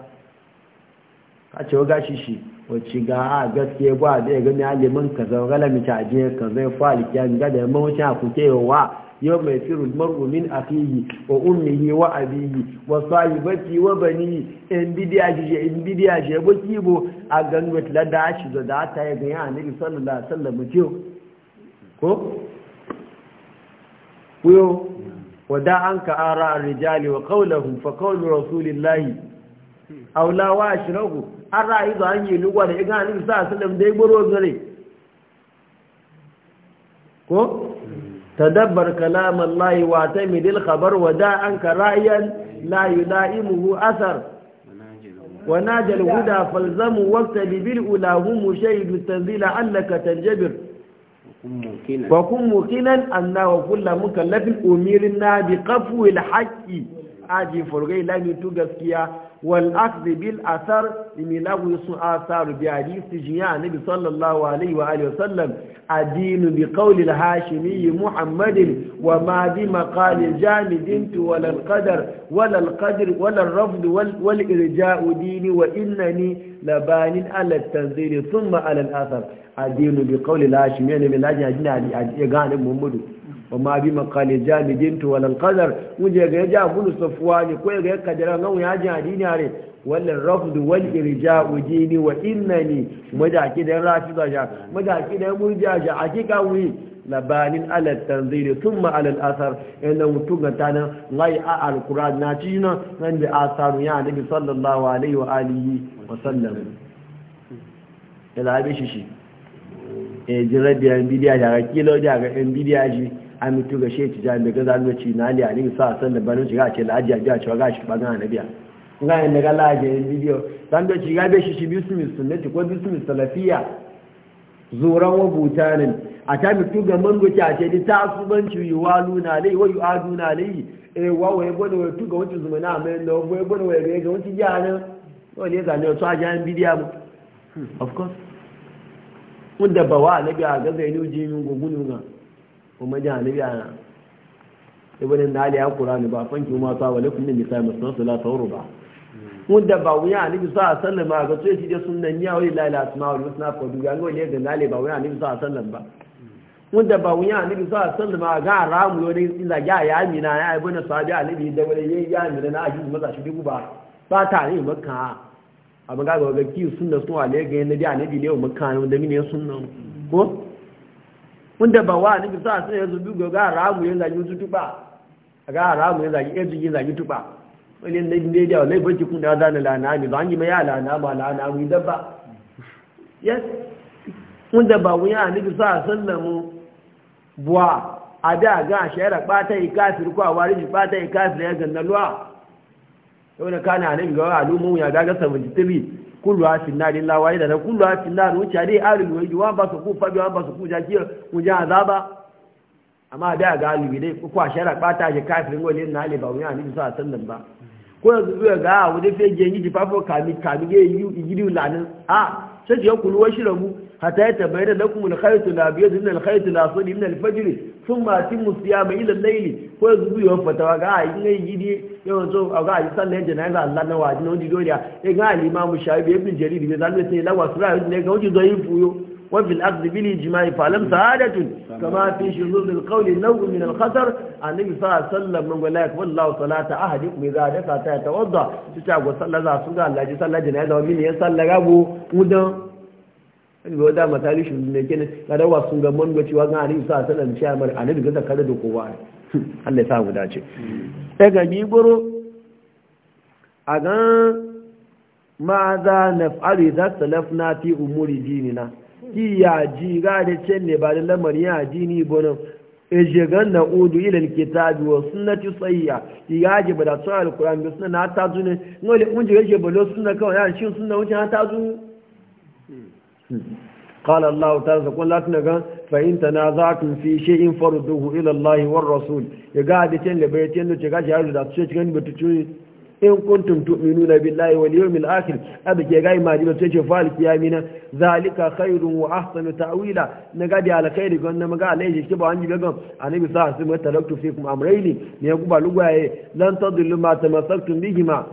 a ce wa gashi shi wacce ga a gaske ba da ya gani alimin ka zan gala mi ta je ka zai fali kyan gada ya mawucin a kuke wa yau mai firul marumin a fiye wa ummihi wa abihi wa sahibati wa bani in bidiya je in bidiya shi bo kibo a ganwe tilada shi da da ta yi gani annabi sallallahu alaihi wasallam ce ko kuyo wada an ka ara rijali wa qawluhum fa qawlu rasulillahi aw la wa ashrahu har ra'ayi za an yi lugwa da iga hannun sa sallam dai gboro gare ko tadabbar kalam Allah wa tamid al khabar wa da an ka ra'yan la yulaimuhu asar wa najal huda falzamu waqta bil ula hum zila, tanzila annaka tanjabir wa kun mukinan anna wa kullu mukallafin na bi kafu al haqqi aji furgai lami tu gaskiya والأخذ بالأثر لملاوي آثار بحديث جياء النبي صلى الله عليه وآله وسلم الدين بقول الهاشمي محمد وما بمقال الجامد انت ولا القدر ولا القدر ولا الرفض والإرجاء ديني وإنني لبان على التنزيل ثم على الأثر الدين بقول الهاشمي يعني من الأجل أجل محمد wa ma bi makale jamidin to walal qadar muje ga ja bulu safwa ne ko ga kadara ngau ya ji adini are wallan rafdu wal irja ujini wa innani majaki da rafida ja majaki da murja ja hakika wi labanin ala tanzir thumma ala al-athar inna mutuga tana ngai a al-qur'an na ci na nan da asaru ya nabi sallallahu alaihi wa alihi wa sallam ila abi shi shi e jira biya bidiya da kilo da ga bidiya shi amitu ga shi tijani daga zanuci na ali ali sa san da banu shiga ce laji a biya cewa gashi bagan annabi ga yin daga laji yin bidiyo zanuci ga be shi shi bismi sunnati ko bismi salafiya zuran wa butanin a ta mitu ga mango ta ce di ta walu na lai wa na lai e wa wa yabo e da wato ga wato zumana mai da wa yabo e da e ga wato jana wale zane to a jan bidiya mu hmm. of course wanda bawa annabi a ga zainu jimin gugununga kuma ji hannu biya ibinin ya aliya ne ba fanki kuma sa wale kullum nisa masu nasu la tauro ba Mun ba wuya a nufi sa a sallan ba ga tsoye da sunan ya wani lalata asma wani wasu na fadu ya ga wani ga nale ba wuya a nufi sa a sallan ba Mun ba wuya a nufi sa a sallan ba ga ramu wani ila ya ya amina ya aibu na biya a nufi da wani ya yi ya amina na ajiyu maza shi dubu ba ba ta ne maka a magaga ga kiyu sunna sun ne ga yana biya a nufi ne wa maka da mini ya nan ko wanda ba wa ni sa sai ya zubi ga ramu ya zagi tutuba ga ramu yanzu zagi ya yanzu zagi tuba wani ne ne da wani baki kun da zana lana ni ba ni mai ala na ba la na wi dabba yes wanda ba wuya ni sa sallamu buwa a da ga shayar bata yi kafir ko a wari ji bata yi kafir ya ganna luwa yau na kana ne ga alumun ya ga 73 kullu ha finna lillahi wahida da kullu ha finna no cha dai alul wahidi wa ba su ku fabi wa ba su ku jaki ku ja azaba amma da ga alibi dai ku kwa shara bata je kafirin wani na ne ba wani ni sa sallan ba ko yanzu zuwa ga a wani fege yi jifafo kami kami ga yi gidi lanin a sai ki yakulu wa shirabu hatta ya tabayyana lakum al-khaytu al-abyad min al-khaytu al-aswad min al-fajr thumma atimmu siyama ila al laili ko yanzu zuwa fatawa ga a yi yi. yawan zo a ga ajisan na yadda na yanzu Allah na wajen wani doriya ya e ga alimamu sha'ibu ya bin jariri bai zalwe sai lawa sura yadda ne ga wuce zoyin fuyo wafil arzi bili jima'i falam sa'adatun kama fi shi zuzul kauli nau'u min al-khasar annabi sa sallam man wala yakbal Allah salata ahadi kuma za da sa ta tawadda su ta go sallah za su ga Allah ji sallah janaza wani ne ya sallah gabo mudan wani ga wada e matali shi ne kenan kada wasu ga man gocewa ga annabi sa sallam shi amar annabi ga zakara da kowa <laughs> Allah ya sa mu dace ẹgbẹ̀ ní a gan ma za na fari za na fi umuri na. ki ya ji ga da can ne ba da lamari ya ji ni bonan ejegan na udu ilal kitabi wa sunnati sayya ki ya ji ba da tsoron alkur'an bi sunna na ta zune ngole mun ji yake bolo sunna kawai ya shi sunna wuce ta zu hmm. qala allah ta'ala qul la tunaga fa'in ta na za tun fi shi in faru duhu ilallahi war rasul ya ga hadisin da bai tiyan da ce gashi har da su ce cikin batutu in kuntum tu'minuna billahi wal yawmil a da ke gai maji ba ce fal kiyamina zalika khairun wa ahsanu ta'wila na gadi ala khairi gon na maga alai shi ba wanji gagan annabi sa su mata laktu fikum amrayni ne ku ba lugwaye lan tadullu ma tamassaktum bihima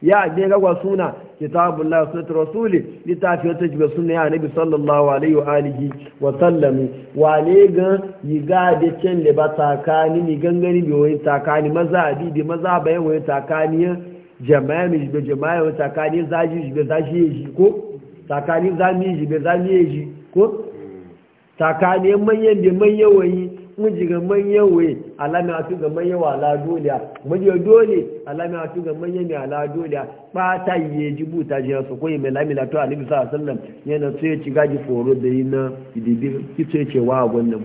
ya je ga suna kitabullah sunnat rasuli litafi wata jibe sunna ya nabi sallallahu alaihi wa alihi wa sallam wa ne ga yiga da can da ba takani ni gangani bi wani takani maza abi bi maza bayan wani takani jama'a jibe jama'a wani takani zaji jibe zaji yaji ko takani zami jibe zami ko takani manyan manyan wani miji ga manyan we alami atu ga manyan wa ala doliya miji dole alami atu ga manyan ne ala doliya bata yi ji buta ji su kwaye yi melami la to alibi sa alaihi yana tsaye ci gaji foro da yi na idibir ki so ya ce wa wannan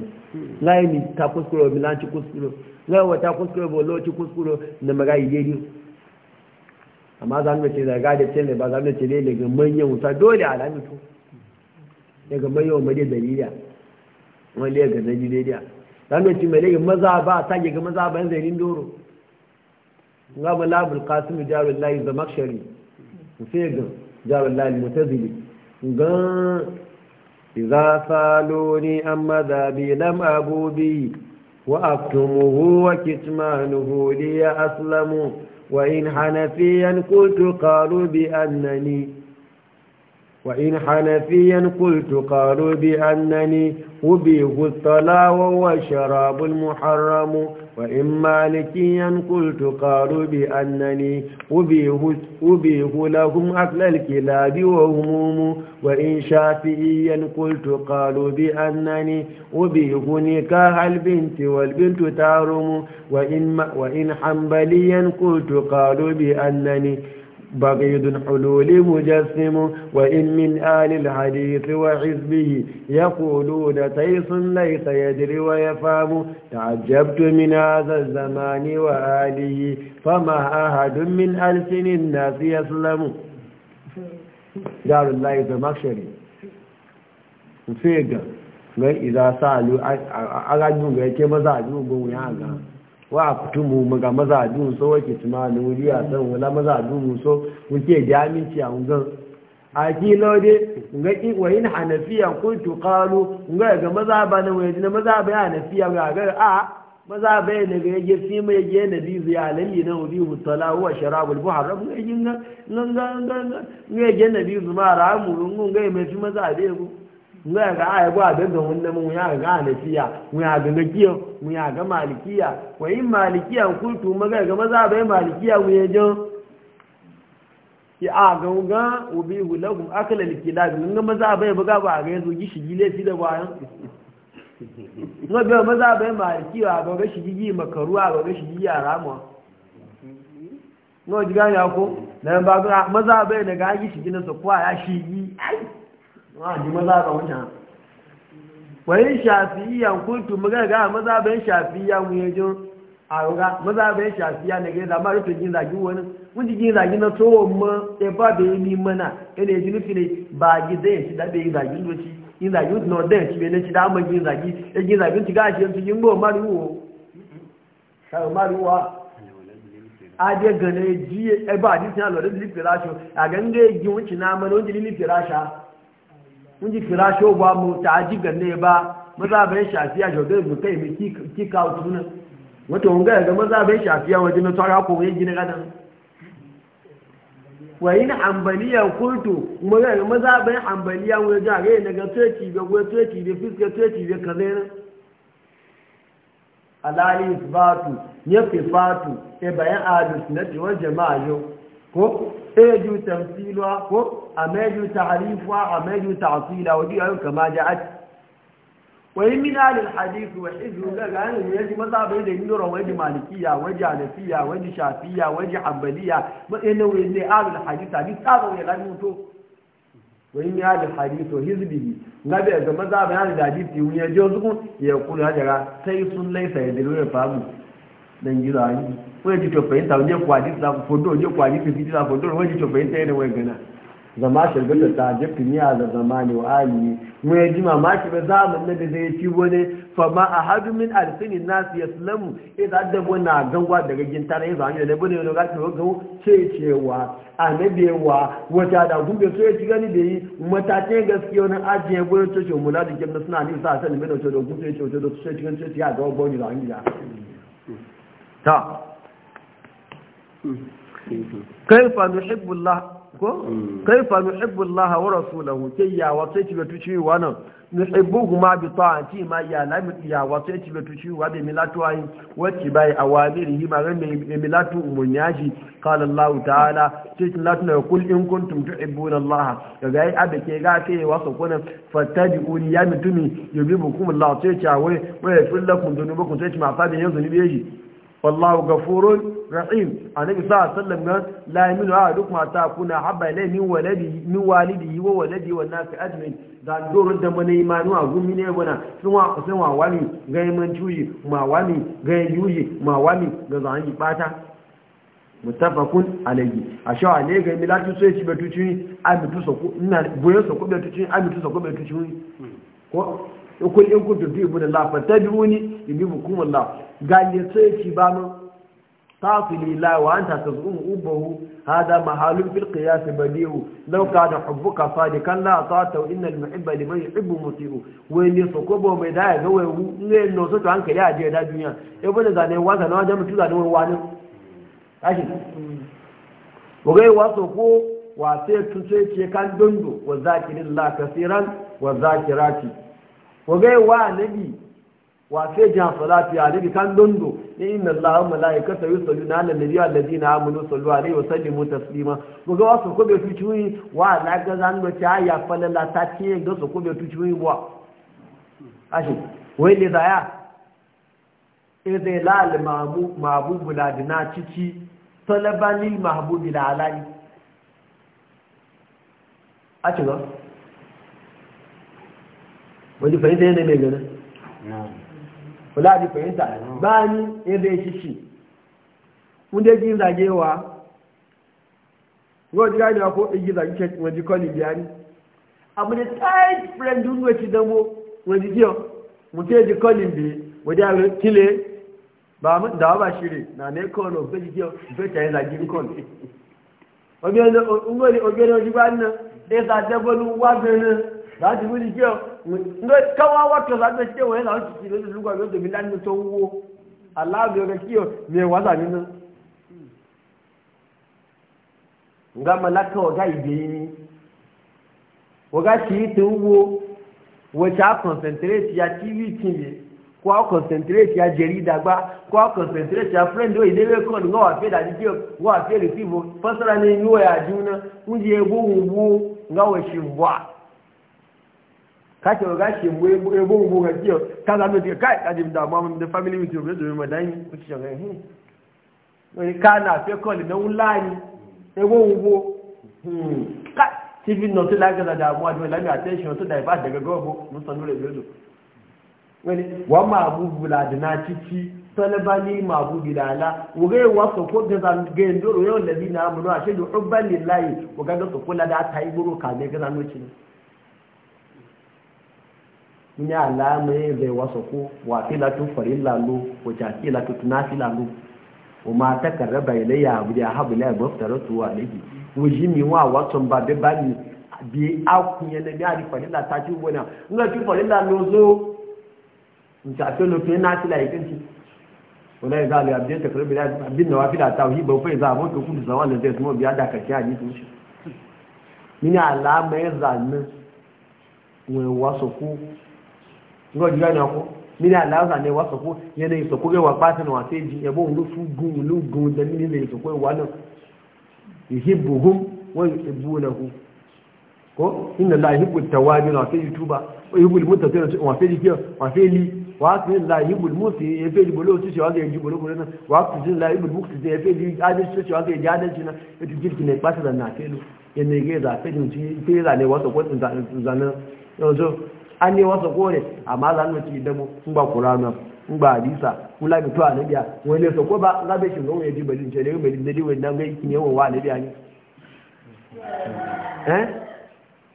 lai ni ta kuskuro milanci kuskuro laiwa ta kuskuro bo ci kuskuro na maga yi yi. amma za mu ce da ga da tele ba za mu ce dai daga manyan wuta dole alami daga manyan wa made dalila wani ya ga dalila ranar ci mai maza ba a tage ga maza bayan zairin doro nga ba labul kasim jarul layi da makshari sai ga jarul layi mutazili gan idza saluni amma bi lam abubi wa aktumuhu wa kitmanuhu li aslamu wa in hanafiyan qultu qalu bi annani وإن حنفيا قلت bi annani. وبيه الطلاوة والشراب المحرم وإن مالكيا قلت قالوا بأنني أبيه, أبيه لهم أكل الكلاب وهموم وإن شافئيا قلت قالوا بأنني أبيه نكاح البنت والبنت تعرم وإن, وإن حنبليا قلت قالوا بأنني بغيض حلول مجسم وإن من آل الحديث وحزبه يقولون تيس ليس يدري ويفهم تعجبت من هذا الزمان وآله فما أحد من ألسن الناس يسلم دار الله الزمخشري فيقا إذا سألوا أرجو غير كما سألوا قوي عنها wa a kutumu mu ga maza a duhu so wake tuma na wuri a san wala maza a so muke da aminci a ungan a kilo dai nga wa hanafiya kuntu qalu nga ga maza ba na waje na maza ba hanafiya ga ga a maza ba ne ga fi mai ga na bi ziya lalli na wuri mutala huwa sharabul buhar rabu yin nga nga nga nga ga na bi zuma nga mai fi maza a dai nga ga aya ba da don wannan mun ya ga hanafiya mun ya ga gakiya mun ya ga malikiya wa in malikiya kuntu maga ga maza bai malikiya mun ya jan ya a ga ga ubi hulakum akala likilab mun ga maza bai buga ba ga yanzu gishi gile fi da bayan mun ga maza bai malikiya ga ga shigi makaruwa ga ga shigi yara mu no jiga ya ko nan ba maza bai daga gishi gina su kwa ya shigi ai wa ah, ji maza ga wancan wani shafiya kuntu muka ga maza bai ya a ruga maza na ma rufe jin zagi wani wani na tsohon ma ya ba bai yi mimana yana yi nufi ne ba gi zai shi na wadda ya ci bai na ji ebe a disin alwadin lilifirasho a gangaye gi na mun ji kira sho ba mu ta'aji ganne ba maza bai shafiya jodo mu kai mu ki ka utuna wato mun ga ga maza bai shafiya waje na tsara ko yayi gina gadan wa in ambaliya kuntu mun ga ga maza bai ambaliya waje ga ga ga tsoci ga go tsoci da fiska tsoci da kaza alali isbatu Fatu, e bayan Adus, sunnati wal jamaa yau ko eju tamsilwa ko ameju ta'rifwa ameju ta'sila wadi ayu kama ja'at wa min al hadith wa hizbu daga an yaji mazabai da indura waji malikiya waji hanafiya waji shafiya waji hanbaliya ma ina wa ne al hadith hadith tsaba ya gani to wa min al hadith wa hizbi nabi ga mazabai da hadith yuni ya jozu ya kula daga sai sun laisa ya dilu ya famu nigeria yi wọ́n ti tọ̀fẹ̀ ń ta àdìsí la fòdó oúnjẹ kò àdìsí fi dídá fòdó wọ́n ti tọ̀fẹ̀ ń tẹ́ ẹni wọ́n gana zama shirgata ta jefi ni a da yi wa aliyu mu ya ji mamaki ba zamanin na da zai ci wani fama a hadu min alisini nasi ya yi ya za da wani na gangwa daga gintara ya zama da bane ga ta ga ce cewa a na bewa wata da gube so ya ci gani da yi wani ajiye suna a da da ta kaifa nuhibbullah ko mm. kaifa wa rasulahu kiyya wa sai ci betu ciwa nan ma bi ta'ati ma ya la mi ya wa sai ci betu wa bi milatu ayi wa ci bai awamiri hima ran milatu umunyaji qala allah ta'ala ci milatu na kul in kuntum tuhibbuna allah ga ai ke ga kai wa su kunan fattabi'uni ya mutumi yubibukum allah sai ci awai wa yafillakum dunubukum sai ci ma fa da yanzu ni beji wallahu gafurun rahim annabi sa sallam ga la yaminu a duk mata kuna habba ilai min waladi min walidi wa waladi wa nas ajmin da dorin da mana imanu a gumi ne bana sun wa sun wa wani ga yaman juyi ma wani ga yuyi ma wani ga zan yi bata mutafakun alayhi a sha ne ga so sai ci batuci a so sako ina boye sako batuci a mitu sako batuci ko kun in kun tafi da biyu ne, in bi yuhibbukum Allah galle sai ci ba mu Ta fi la wa anta tazum ubahu hada mahalun fil qiyas badiu law kana hubbuka sadikan la ta'ata inna al muhibba liman yuhibbu muti'u wa ni sokobo mai da ga wai ne no so to hankali a je da duniya e bane zane wa zane wa jamu tuzane wa wani kashi wagai wa ko wa sai tuce ce kan dondo wa zakirin la kasiran wa zakirati wagai wa nabi wa fe jan salati ya nabi kan dondo ni inna allaha malaikata yusalluna ala nabi alladhina amanu sallu alaihi wa sallimu taslima wagai wa su ko be wa la ga zan ta ya falala ta ce ga su ko be wa ashi wai ne wajen fahimta yana mai ganin kula da fahimta bayan ji zagewa yau ji ganewa ko ɗin ji zage shi wajen kwalli biya abu da tight friend wace damo ji bi wajen yawon kile ba mu da ba shiri na ne ji jiya be ta yi zage láti wí ní kí ọ ǹgbẹ́ káwá wákìlọ̀ láti ṣe wọ́n yẹn láti ṣe lórí ìlú àgbẹ̀ tòmí láti tó ń wó aláàbẹ̀ ọ̀rẹ́ kí ọ ní ẹ̀wà sàmì malaka ọ̀gá ìgbé yìí ni ọ̀gá sì í tó ń wó wọ̀ṣà kọ̀ǹsẹ̀ntrétì ya tv tìǹbì kó a kọ̀ǹsẹ̀ntrétì ya jẹ̀rí ìdàgbà kó a kọ̀ǹsẹ̀ntrétì ya fúrẹ́ǹdì ó ìdílé kọ́ ni wọ́n wà fẹ́ dàdí kí wọ́n wà fẹ́ rìsíìfù ni yóò yà á dún náà ń yẹ gbóhùn wó ǹgá wa kake ga shi ebo ngo ga kiyo ka no tika kai kadim da mama the family with you do me dai ku ci ga hin ni kana fe ko le no lani ebo ngo hmm ka ti bi no to la ga da mo adu la mi attention to divert daga go no so no le do wani wa ma abu bulad na cici talabani ma abu wo wuga wa so ko ga zan ga ndoro yau mu amuru a do ubbalillahi wo ga do so la da ta yi buru ka ne ga zan wuce ní àlàámù ẹ̀rẹ̀ wàsọ̀kú wà fílà tó fọ̀rí lálú wòjà fílà tó tún náà fílà lú wọ́n máa tẹ́kẹ̀rẹ́ bàyẹ̀ lẹ́yà àbúrẹ́ àhábùlẹ́ ẹ̀gbọ́fẹ̀rẹ́ tó wà lẹ́yìn wọ́n yí mi wọ́n àwọn tó ń ba bẹ́ẹ̀ bá mi bí ákùnyẹn ní bí àdì fọ̀rí làtà tí wọ́n náà ńlọ tí fọ̀rí là ló zó njà tó ló tún náà fílà yìí kí wọ́n ngo jiga na ko mini alaza ne wasu ko yanayi su kubewa fatin wasu ji yabo rufu gun lugun da mini ne su kuwa wani yuhibbuhum wa yuhibbunahu ko inna la yuhibbu tawabin wa sai tuba wa yuhibbu almuttaqin wa sai jiya wa sai li wa sai la yuhibbu almusi ya e sai bolo su cewa zai ji bolo bolo na wa sai la yuhibbu almusi ya e sai ji adin su cewa zai ji adin shi na e ita jirki ne ba ta da na sai lu yanayi ga za sai ji sai za ne wasu an ne wasa kore amma za mu ci idan in ba kura na in ba hadisa lafi la mutu anabiya wani sa ko ba za bai shiga wani ji balin ce ne mai dindadi wani nan gai ikin yawan wa anabiya ne eh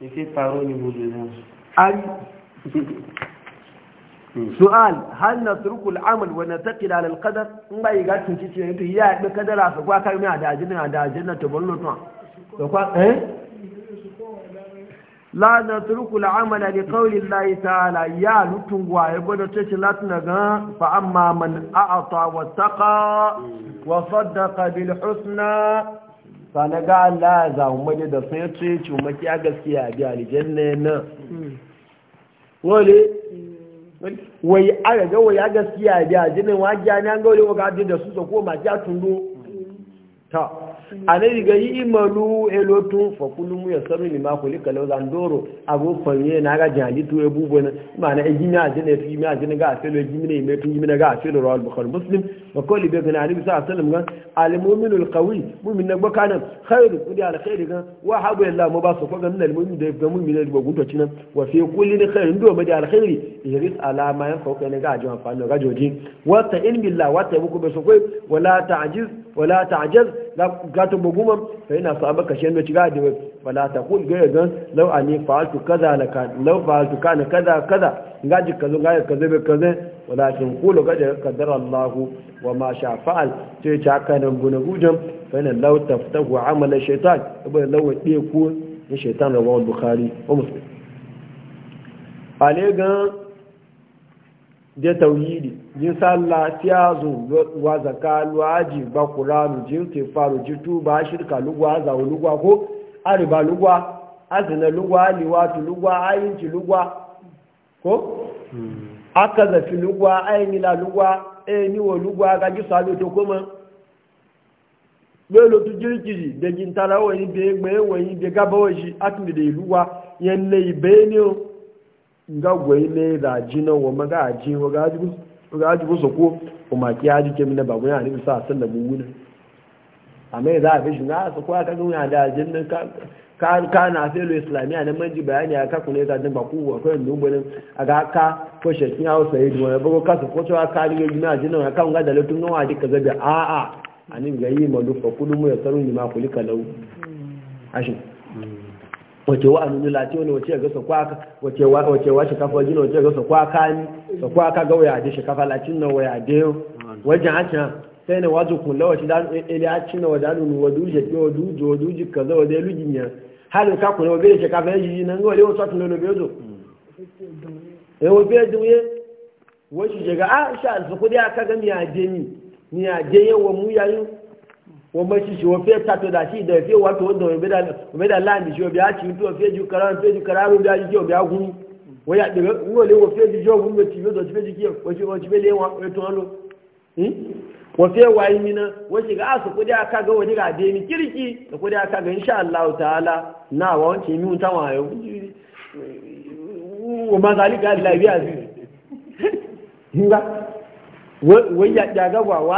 ne faro ne mu da an su'al hal nasruku al'amal wa nataqil ala al-qadar in ba yi gatin ci ce to ya da kadara su kwa kai mai da ajin na da ajin na to to kwa eh la na turku la'amala bi qawli llahi ta'ala ya lutun gwaye gwada ce latina ga fa amma man ata wa taqa wa saddaqa bil husna fa na ga Allah ya zamu maje da sai ce ce maki a gaskiya bi aljanna na wale wai a ga wai a gaskiya bi aljanna wa ga na ga wa ga da su ko ma ja tundo ta anayi ga yi imalu elotun fakulu ya sami lima kuli kalau doro abu fanye na ga jali to ebu na mana e jimi ne fi mi ne ga selo jimi ne me tun jimi ne ga selo rawal bukhar muslim wa kulli bi kana ali sa sallam ga al mu'minu al qawi mu'min na ba kana khairu kudi al khairu ga wa habu illa mu ba su ko ga al mu'min da ga mu'min da ba gunto cinan wa fi kulli ni khairu do ma da al khairu yiris ala ma yan fauka ne ga fa amfani ga joji wa ta in billah wa ta buku be so ko wala ta'jiz wala ta'jaz kato buguma fa yana sa maka shi da ciga da fala ta kul ga ga law ani fa'altu kaza la ka law fa'altu kana kaza kaza ngaji kazo ngaji kaza be kaza walakin qulu ga qaddara Allah wa ma sha fa'al sai ta kana guna gujan fa yana law taftahu amala shaytan ibn law de ko shaytan rawahu bukhari wa muslim ale ga da tauhidi jin sallah tiyazu wa zaka luwaji ba qur'anu jin tifaru jitu ba shirka lugwa za lugwa ko ariba lugwa azna lugwa liwatu lugwa ayinci lugwa ko hmm. aka zafi lugwa ayinila lugwa ni wo lugwa ga ji sabe to kuma lelo tu jirikiri da jin tarawo yi be gbe wo yi be gaba wo shi atun de lugwa yen le ibe ni o nga gwai ne da ji na maga aji wa ga aji busa ko kuma ki aji ke mina bagun ya nufi sa san da mu wuna amma za a fi shi na su ko aka gina da ajin nan ka na islami a na manji bayani a kaku ne zaɗin ba kowa kawai nubanin a ga aka ko shekin hausa yi duwane bago kasu ko cewa ka riga gina nga nan kan ga da latun nawa duka a a a na ga yi malufa kudu mu ya ma lau ashin wace wa anunu lati wani wace ga su kwaka wace wa wace wa shikafa jina wace ga su kwaka ni su kwaka ga waya da shikafa latin nan waya da yau wajen haka sai ne wazo kula wace da ele a cin wa da nunu wadu duje ko duje wa duje kaza wa da lugin ya halu ka kuna wabe shikafa yi nan ga wale wasu tun lobe zo eh wabe duye wace ga a sha su kudi aka ga mi a je ni ni a je yawa mu yayin wọ́n mọ̀ ṣíṣe wọ́n fẹ́ tàtọ̀dà sí ìdọ̀ ìfẹ́ wà tó ń dọ̀ ìmẹ́dà láàmì ṣe ọbẹ̀ àti ìtú ọ̀fẹ́ ju kara ọ̀fẹ́ ju kara ọ̀fẹ́ ju ọbẹ̀ agún wọ́n yà pé wọ́n lé wọ́n fẹ́ ju jọ́ ọ̀gbìn mẹ́tì yóò dọ̀tí méjì kí wọ́n ti fẹ́ lé wọn ètò wọn hmm? wọ́n fẹ́ wà yín mi náà wọ́n ṣe gáà sọ kódé akága wọ́n ní ká dé ní kíríkì sọ <laughs> wọ́n yà jàgàwà wà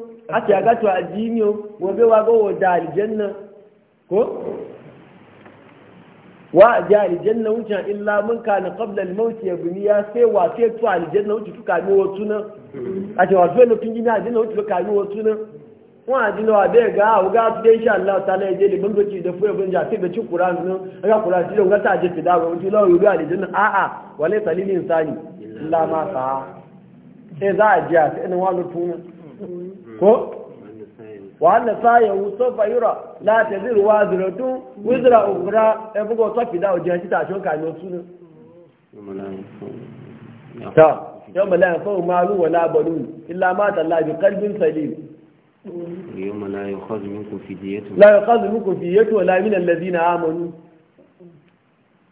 àti àgàtò àdínì o wọ́n wa wá gbọ́wọ́ da àlìjẹ́nà kó wá àjẹ́ àlìjẹ́nà ń jẹ́ ilá mọ́ǹkà ní kọ́bílẹ̀ lẹ́mọ́tì ẹ̀bùnìyà ṣé wà fẹ́ tó àlìjẹ́nà ó ti tó kàmí wọ́n tún náà àti wà fẹ́ lókun jí ní àdínà ó ti tó kàmí wọ́n tún náà wọ́n àdínà wà bẹ́ẹ̀ gá àwọn dé iṣẹ́ àlá ọ̀tá náà ẹ̀jẹ̀ lè mọ́ǹkà ti dẹ̀ jà tẹ́bẹ̀ tí kura nínú ẹ̀ka kura ti lè gátà àjẹ fìdá àwọn ojú lọ́rùn orí àlìjẹ́nà áà wọlé sàlílì ìsáyì ńlá máa fà á ẹ̀ za a àti ẹni wọ́n lọ tún náà ko wanda sayan sofa yura na ta zirwa ziratu wizira ukura ya e bugo sofi da ujiyar ci tashi wanka ne su ne ta yau mala ya fahimu malu wa labaru illa mata labi karbin salim yau mala ya kwazi min ku fi diyatu la ya kwazi min ku fi diyatu wa lamina lazi na amonu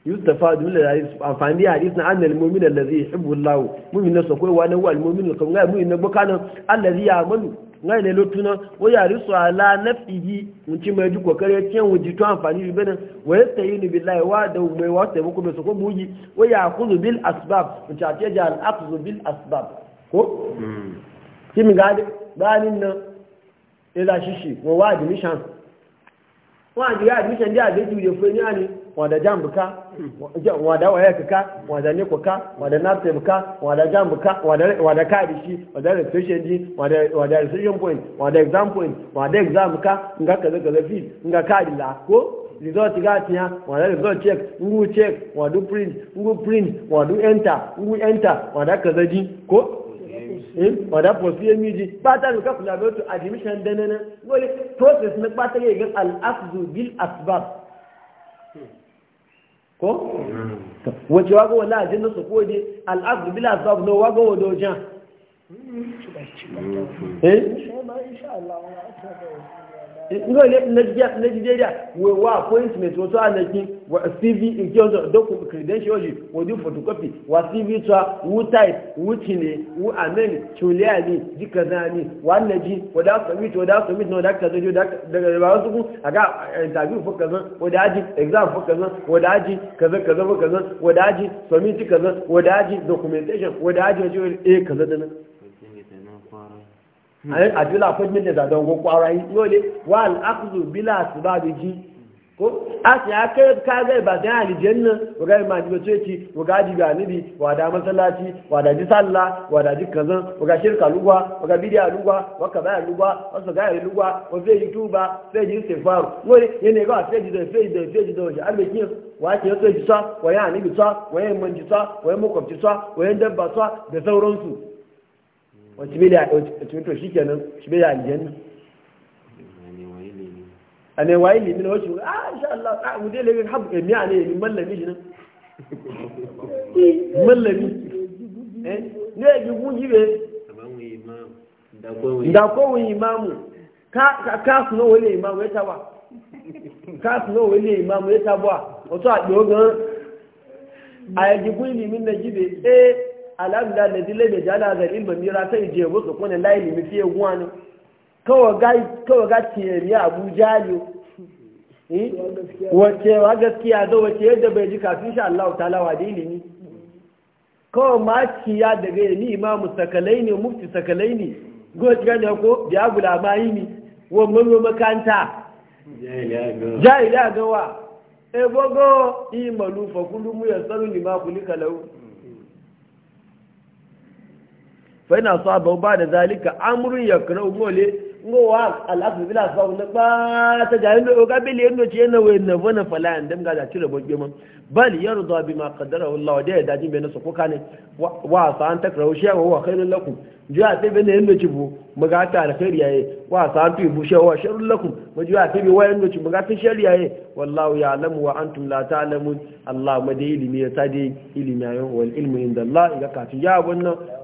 yusuf ta fadu lalai da hadisu amfani da hadisu na annal mumin lalai ya shibu lawo mumin na sakwai wa na wa al mumin na kawai mumin na gbaka na allazi ya amonu ngai ne lotuna wo ya risu ala nafihi mun ci mai ji kokare cin wuji to amfani bi bana wa yastayinu billahi wa da mai wa ta muku so ko buji wa ya khudhu bil asbab mun ta ce ja al akhdhu bil asbab ko hmm. kim ga da banin nan ila shishi wa wa admission wa ji admission da da ji da ni ani wada jambuka wada waya kaka wada ne kuka wada nafse buka wada jambuka wada wada shi wada restriction din wada wada restriction point wada exam point wada exam ka nga kaza kaza fi nga la ko result ga tiya wada result check ngu check wada print ngu print wada enter ngu enter wada kaza din ko eh, wadda fosil miji ba ta ka kula da to admission da nan wani process na ba ta yi al al'afzu bil asbab ko mm. wace wago wala ajin da su ko Al'adu bila sabab na wago mm. eh? wa dojan eh ne na najja najjeja we wa appointment wo to anaki wa cv da doku credential yi wo di photocopy wa cv to wu type wu tine wu amen chuliani dikazani wa naji wo da submit wo da submit no da ka zo da daga ba su ku aga interview fo kaza wo da ji exam fo kaza wo da ji kaza kaza fo kaza wo da ji submit kaza wo da ji documentation wo da ji e kaza dana àjọlá appointment letter dán gbogbo ara yìí yóò lé wà ákùzù bílà jí ko a ce ya kai ka zai ba sai aljanna waga imani bace ci waga ji ga nibi wada masallaci wada ji sallah wada ji kazan waga shirka lugwa waga bidiya lugwa waga baya lugwa wasu ga yana ga sai ji da wa wa wa wa da sauransu wacce bai da wacce to shikenan shi bai aljanna a ne wayi limin wacce a ah, insha Allah a ah, mu dai habu emi eh, a ne min mallami shi nan <laughs> mallami eh ne ji guji be da kowun imamu ka su no wele imamu ya tawa ka su no wele imamu ya tawa wato a dogon a yaji guji limin na jibe eh alamda da dile da jana ga ilba mira sai je go su kuna layi mi fiye guwani kawai ga kawai ga tiyari abuja ne eh? wace wa gaskiya zo wace yadda bai ji kafin sha Allah ta wa da ilimi kawai ma ya daga ni imamu sakalai ne mufti sakalai ne goci gani ko biya gulamayi ne wannan makanta jahiliya gawa ebogo imalu fakulu mu ni ma kulika kala'u. fẹ́nà sọ abẹ́ ọba àdàdà alíkà amúrún yẹ̀kọ́rọ̀ ngọ́lé ngọ́wà aláfẹ́fẹ́lá sọ ọ̀nà pàtàkì ẹ̀ndọ́ ọgá bẹ́lẹ̀ ẹ̀ndọ́ tí ẹ̀nà wẹ̀ ẹ̀nà fọ́nà fàlà ẹ̀ndẹ́m gàdà tí rẹ̀ bọ́ báyìí yẹ́rù dọ́ da máa ẹ̀dá bu shari yalamu wa antum la ta allah ilimi ta de ilimi wal ilmu inda allah ka ya wannan